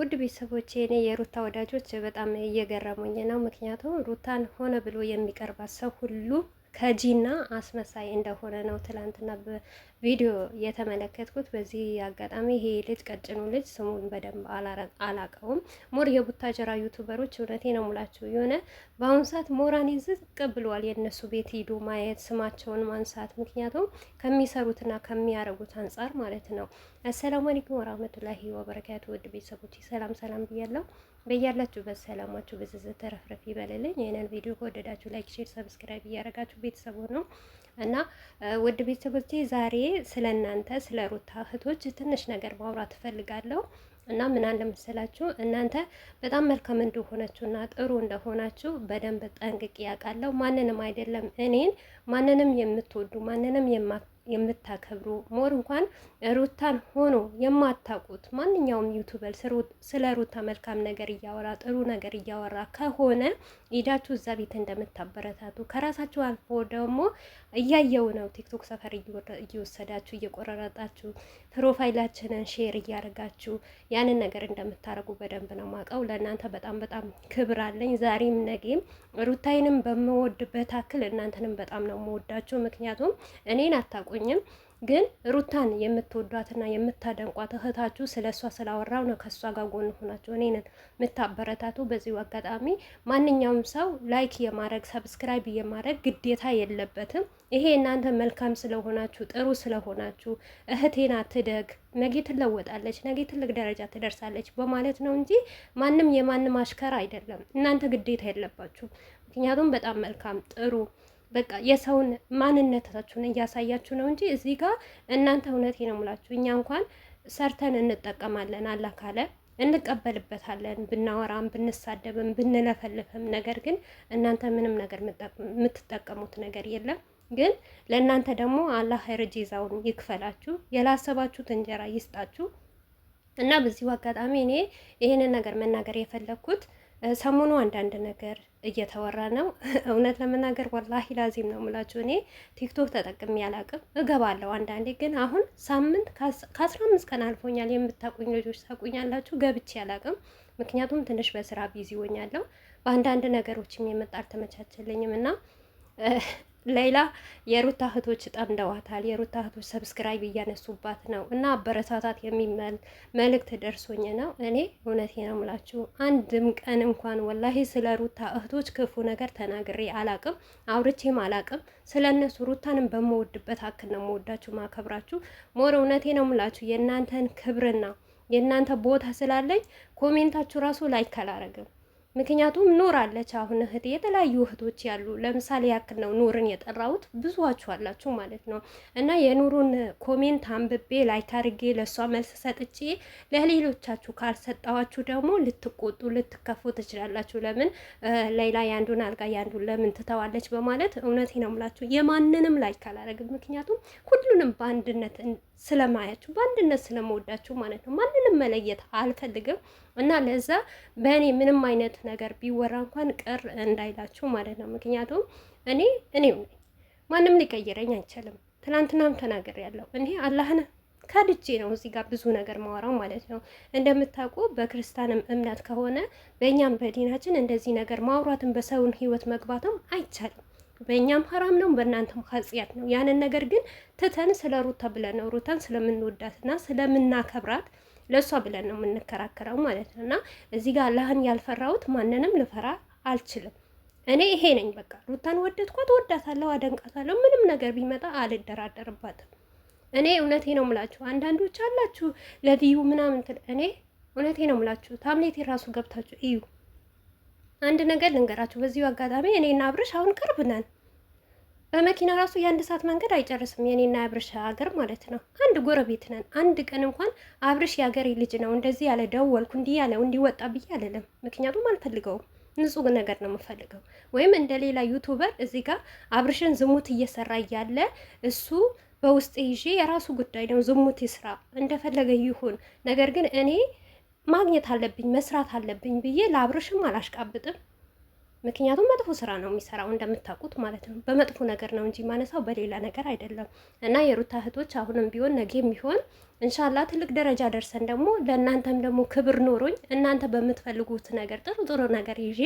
ውድ ቤተሰቦች እኔ የሩታ ወዳጆች በጣም እየገረሙኝ ነው። ምክንያቱም ሩታን ሆነ ብሎ የሚቀርባት ሰው ሁሉ ከጂና አስመሳይ እንደሆነ ነው ትላንትና በቪዲዮ የተመለከትኩት። በዚህ አጋጣሚ ይሄ ልጅ ቀጭኑ ልጅ ስሙን በደንብ አላቀውም። ሞር ጀራ ዩቱበሮች እውነቴ ነው ሙላቸው የሆነ በአሁኑ ሰዓት ሞራኔ ዝቅ ብሏል። የእነሱ ቤት ሂዱ ማየት ስማቸውን ማንሳት ምክንያቱም ከሚሰሩትና ከሚያረጉት አንጻር ማለት ነው አሰላሙ አለይኩም ወራህመቱላሂ ወበረካቱ። ውድ ቤተሰቦች ሰላም ሰላም ብያለሁ። በያላችሁበት ሰላማችሁ ብዝዝት ተረፍረፍ ይበልልኝ። ይህንን ቪዲዮ ከወደዳችሁ ላይክ፣ ሼር፣ ሰብስክራይብ እያደረጋችሁ ቤተሰቡ ነው እና ውድ ቤተሰቦቼ ዛሬ ስለ እናንተ ስለ ሩታ እህቶች ትንሽ ነገር ማውራት እፈልጋለሁ እና ምን አለ መሰላችሁ እናንተ በጣም መልካም እንደሆነችሁ እና ጥሩ እንደሆናችሁ በደንብ ጠንቅቄ ያውቃለሁ። ማንንም አይደለም እኔን ማንንም የምትወዱ ማንንም የማ የምታከብሩ ሞር እንኳን ሩታን ሆኖ የማታውቁት ማንኛውም ዩቱበር ስለ ሩታ መልካም ነገር እያወራ ጥሩ ነገር እያወራ ከሆነ ሄዳችሁ እዛ ቤት እንደምታበረታቱ ከራሳችሁ አልፎ ደግሞ እያየው ነው ቲክቶክ ሰፈር እየወሰዳችሁ እየቆረረጣችሁ ፕሮፋይላችንን ሼር እያደረጋችሁ ያንን ነገር እንደምታደርጉ በደንብ ነው ማውቀው። ለእናንተ በጣም በጣም ክብር አለኝ። ዛሬም ነገም ሩታይንም በምወድበት አክል እናንተንም በጣም ነው መወዳችሁ። ምክንያቱም እኔን አታውቁ አታውቁኝም ግን ሩታን የምትወዷትና የምታደንቋት እህታችሁ ስለ እሷ ስላወራው ነው ከእሷ ጋር ጎን ሆናችሁ እኔን የምታበረታቱ። በዚሁ አጋጣሚ ማንኛውም ሰው ላይክ የማድረግ ሰብስክራይብ የማድረግ ግዴታ የለበትም። ይሄ እናንተ መልካም ስለሆናችሁ ጥሩ ስለሆናችሁ እህቴና ትደግ ነገ ትለወጣለች፣ ነገ ትልቅ ደረጃ ትደርሳለች በማለት ነው እንጂ ማንም የማንም አሽከራ አይደለም። እናንተ ግዴታ የለባችሁ። ምክንያቱም በጣም መልካም ጥሩ በቃ የሰውን ማንነታችሁን እያሳያችሁ ነው እንጂ እዚህ ጋር እናንተ እውነቴ ነው ሙላችሁ እኛ እንኳን ሰርተን እንጠቀማለን አላህ ካለ እንቀበልበታለን ብናወራም ብንሳደብም ብንለፈልፍም። ነገር ግን እናንተ ምንም ነገር የምትጠቀሙት ነገር የለም። ግን ለእናንተ ደግሞ አላህ ርጅ ይዛውን ይክፈላችሁ፣ የላሰባችሁት እንጀራ ይስጣችሁ እና በዚሁ አጋጣሚ እኔ ይህንን ነገር መናገር የፈለግኩት ሰሞኑ አንዳንድ ነገር እየተወራ ነው። እውነት ለመናገር ወላሂ ላዚም ነው የምላችሁ። እኔ ቲክቶክ ተጠቅሜ አላቅም፣ እገባለሁ አንዳንዴ። ግን አሁን ሳምንት ከአስራ አምስት ቀን አልፎኛል። የምታቁኝ ልጆች ታቁኛላችሁ። ገብቼ አላቅም፣ ምክንያቱም ትንሽ በስራ ቢዚ ሆኛለሁ። በአንዳንድ ነገሮችም የመጣ አልተመቻቸልኝም እና ሌላ የሩታ እህቶች ጠምደዋታል። የሩታ እህቶች ሰብስክራይብ እያነሱባት ነው እና አበረታታት የሚመል መልእክት ደርሶኝ ነው። እኔ እውነቴ ነው ምላችሁ አንድም ቀን እንኳን ወላሂ ስለ ሩታ እህቶች ክፉ ነገር ተናግሬ አላቅም፣ አውርቼም አላቅም። ስለ እነሱ ሩታንም በመወድበት አክል ነው መወዳችሁ፣ ማከብራችሁ። ሞር እውነቴ ነው ምላችሁ የእናንተን ክብርና የእናንተ ቦታ ስላለኝ ኮሜንታችሁ ራሱ ላይክ አላረግም። ምክንያቱም ኑር አለች። አሁን እህት የተለያዩ እህቶች ያሉ ለምሳሌ ያክል ነው ኑርን የጠራሁት፣ ብዙዋችሁ አላችሁ ማለት ነው። እና የኑሩን ኮሜንት አንብቤ ላይክ አድርጌ ለእሷ መልስ ሰጥቼ ለሌሎቻችሁ ካልሰጠዋችሁ ደግሞ ልትቆጡ ልትከፉ ትችላላችሁ። ለምን ሌላ የአንዱን አልጋ የአንዱን ለምን ትተዋለች በማለት እውነቴ ነው ምላችሁ የማንንም ላይክ አላደርግም። ምክንያቱም ሁሉንም በአንድነት ስለማያችሁ በአንድነት ስለመወዳችሁ ማለት ነው። ማንንም መለየት አልፈልግም እና ለዛ በእኔ ምንም አይነት ነገር ቢወራ እንኳን ቅር እንዳይላችሁ ማለት ነው። ምክንያቱም እኔ እኔው ነኝ፣ ማንም ሊቀይረኝ አይችልም። ትናንትናም ተናገር ያለው እኔ አላህን ከድጄ ነው እዚህ ጋር ብዙ ነገር ማወራው ማለት ነው። እንደምታውቁ በክርስቲያንም እምነት ከሆነ በእኛም በዲናችን እንደዚህ ነገር ማውራትን በሰውን ህይወት መግባትም አይቻልም። በእኛም ሀራም ነው፣ በእናንተም ኃጢአት ነው። ያንን ነገር ግን ትተን ስለ ሩታ ብለን ነው ሩታን ስለምንወዳትና ስለምናከብራት ለእሷ ብለን ነው የምንከራከረው ማለት ነው። እና እዚህ ጋር አላህን ያልፈራሁት ማንንም ልፈራ አልችልም። እኔ ይሄ ነኝ በቃ። ሩታን ወደድኳት፣ ወዳታለሁ፣ አደንቃታለሁ። ምንም ነገር ቢመጣ አልደራደርባትም። እኔ እውነቴ ነው የምላችሁ። አንዳንዶች አላችሁ ለቪዩ ምናምን፣ እኔ እውነቴ ነው ምላችሁ። ታምሌቴ ራሱ ገብታችሁ እዩ። አንድ ነገር ልንገራችሁ በዚሁ አጋጣሚ እኔና አብርሽ አሁን ቅርብ ነን። በመኪና ራሱ የአንድ ሰዓት መንገድ አይጨርስም። የኔና አብርሽ ሀገር ማለት ነው። አንድ ጎረቤት ነን። አንድ ቀን እንኳን አብርሽ የሀገሬ ልጅ ነው እንደዚህ ያለ ደወልኩ እንዲህ ያለ እንዲወጣ ብዬ አልልም። ምክንያቱም አልፈልገውም። ንጹህ ነገር ነው የምፈልገው። ወይም እንደ ሌላ ዩቱበር እዚህ ጋር አብርሽን ዝሙት እየሰራ እያለ እሱ በውስጥ ይዤ የራሱ ጉዳይ ነው ዝሙት ይስራ እንደፈለገ ይሁን። ነገር ግን እኔ ማግኘት አለብኝ መስራት አለብኝ ብዬ ለአብርሽም አላሽቃብጥም። ምክንያቱም መጥፎ ስራ ነው የሚሰራው እንደምታውቁት ማለት ነው። በመጥፎ ነገር ነው እንጂ ማነሳው በሌላ ነገር አይደለም። እና የሩታ እህቶች አሁንም ቢሆን ነገ ቢሆን እንሻላ ትልቅ ደረጃ ደርሰን ደግሞ ለእናንተም ደግሞ ክብር ኖሮኝ እናንተ በምትፈልጉት ነገር ጥሩ ጥሩ ነገር ይዤ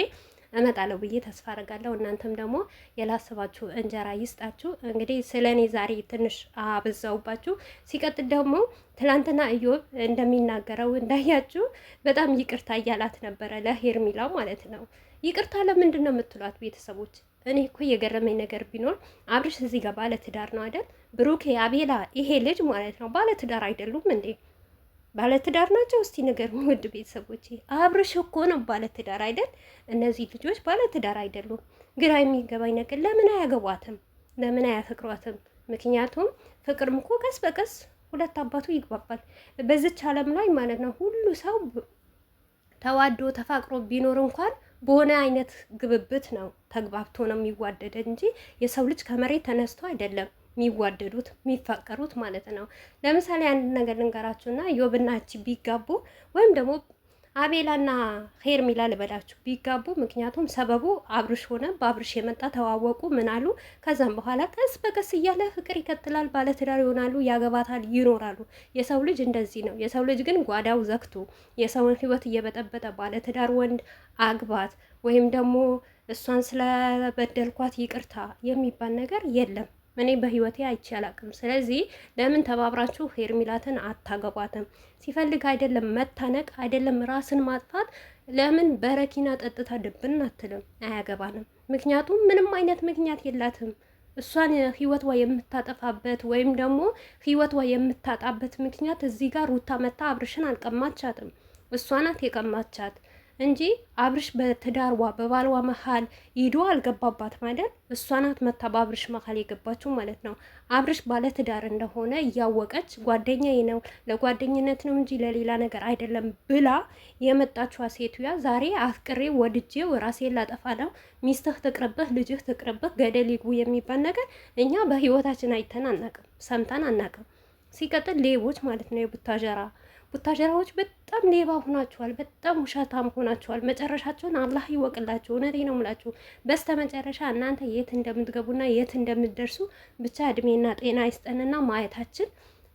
እመጣለሁ ብዬ ተስፋ አደርጋለሁ። እናንተም ደግሞ የላሰባችሁ እንጀራ ይስጣችሁ። እንግዲህ ስለ እኔ ዛሬ ትንሽ አበዛውባችሁ። ሲቀጥል ደግሞ ትላንትና እዮብ እንደሚናገረው እንዳያችሁ በጣም ይቅርታ እያላት ነበረ ለሄርሚላ ማለት ነው። ይቅርታ ለምንድን ነው የምትሏት ቤተሰቦች? እኔ እኮ የገረመኝ ነገር ቢኖር አብርሽ እዚህ ጋር ባለትዳር ነው አይደል? ብሩኬ አቤላ ይሄ ልጅ ማለት ነው ባለትዳር አይደሉም እንዴ? ባለትዳር ናቸው? እስቲ ነገር ውድ ቤተሰቦች። አብርሽ እኮ ነው ባለትዳር አይደል? እነዚህ ልጆች ባለትዳር አይደሉም። ግራ የሚገባኝ ነገር ለምን አያገቧትም? ለምን አያፈቅሯትም? ምክንያቱም ፍቅርም እኮ ቀስ በቀስ ሁለት አባቱ ይግባባል። በዚች ዓለም ላይ ማለት ነው ሁሉ ሰው ተዋዶ ተፋቅሮ ቢኖር እንኳን በሆነ አይነት ግብብት ነው ተግባብቶ ነው የሚዋደደ እንጂ የሰው ልጅ ከመሬት ተነስቶ አይደለም። የሚዋደዱት የሚፋቀሩት ማለት ነው። ለምሳሌ አንድ ነገር ልንገራችሁና ዮብና ቢጋቡ ወይም ደግሞ አቤላና ሄርሚላ ልበላችሁ ቢጋቡ፣ ምክንያቱም ሰበቡ አብርሽ ሆነ። በአብርሽ የመጣ ተዋወቁ፣ ምን አሉ። ከዛም በኋላ ቀስ በቀስ እያለ ፍቅር ይቀጥላል፣ ባለትዳር ይሆናሉ፣ ያገባታል፣ ይኖራሉ። የሰው ልጅ እንደዚህ ነው። የሰው ልጅ ግን ጓዳው ዘግቶ የሰውን ህይወት እየበጠበጠ ባለትዳር ወንድ አግባት ወይም ደግሞ እሷን ስለበደልኳት ይቅርታ የሚባል ነገር የለም። እኔ በህይወቴ አይቼ አላቅም። ስለዚህ ለምን ተባብራችሁ ሄርሚላትን አታገቧትም? ሲፈልግ አይደለም መታነቅ አይደለም ራስን ማጥፋት ለምን በረኪና ጠጥታ ድብን አትልም? አያገባንም። ምክንያቱም ምንም አይነት ምክንያት የላትም። እሷን ህይወቷ የምታጠፋበት ወይም ደግሞ ህይወቷ የምታጣበት ምክንያት እዚህ ጋር ሩታ መታ አብርሽን አልቀማቻትም። እሷ ናት የቀማቻት። እንጂ አብርሽ በትዳርዋ በባልዋ መሀል ይዶ አልገባባት ማለት እሷ ናት መታ በአብርሽ መሀል የገባችው ማለት ነው። አብርሽ ባለትዳር እንደሆነ እያወቀች ጓደኛዬ ነው ለጓደኝነት ነው እንጂ ለሌላ ነገር አይደለም ብላ የመጣችዋ ሴትዮዋ ዛሬ አፍቅሬ ወድጄው ራሴን ላጠፋ ነው፣ ሚስትህ ትቅርብህ፣ ልጅህ ትቅርብህ፣ ገደል ይግቡ የሚባል ነገር እኛ በህይወታችን አይተን አናቅም፣ ሰምተን አናቅም። ሲቀጥል ሌቦች ማለት ነው የቡታጀራ ቡታጀራዎች በጣም ሌባ ሆናችኋል፣ በጣም ውሸታም ሆናችኋል። መጨረሻቸውን አላህ ይወቅላቸው። እውነቴ ነው ምላችሁ። በስተ መጨረሻ እናንተ የት እንደምትገቡና የት እንደምትደርሱ ብቻ እድሜና ጤና ይስጠንና ማየታችን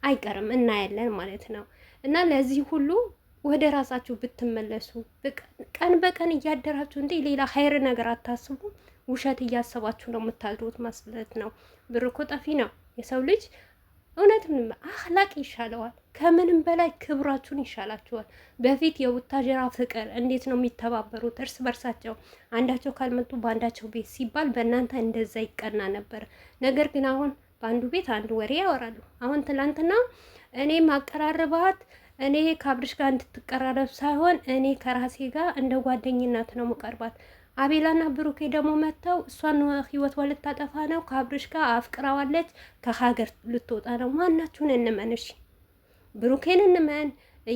አይቀርም እናያለን ማለት ነው እና ለዚህ ሁሉ ወደ ራሳችሁ ብትመለሱ ቀን በቀን እያደራችሁ እንዴ ሌላ ሀይር ነገር አታስቡ። ውሸት እያሰባችሁ ነው የምታድሩት ማለት ነው። ብር እኮ ጠፊ ነው የሰው ልጅ እውነትም አህላቅ ይሻለዋል። ከምንም በላይ ክብራችሁን ይሻላችኋል። በፊት የቡታጀራ ፍቅር እንዴት ነው የሚተባበሩት እርስ በርሳቸው አንዳቸው ካልመጡ በአንዳቸው ቤት ሲባል በእናንተ እንደዛ ይቀና ነበር። ነገር ግን አሁን በአንዱ ቤት አንዱ ወሬ ያወራሉ። አሁን ትላንትና እኔ ማቀራረባት እኔ ከአብርሽ ጋር እንድትቀራረብ ሳይሆን እኔ ከራሴ ጋር እንደ ጓደኝነት ነው የምቀርባት አቤላና ብሩኬ ደግሞ መጥተው እሷን ህይወቷ ልታጠፋ ነው፣ ከአብርሽ ጋር አፍቅራዋለች፣ ከሀገር ልትወጣ ነው። ማናችሁን እንመን? እሺ ብሩኬን እንመን?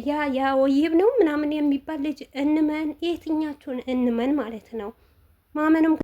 ያ ያ ወይብ ነው ምናምን የሚባል ልጅ እንመን? የትኛችሁን እንመን ማለት ነው? ማመንም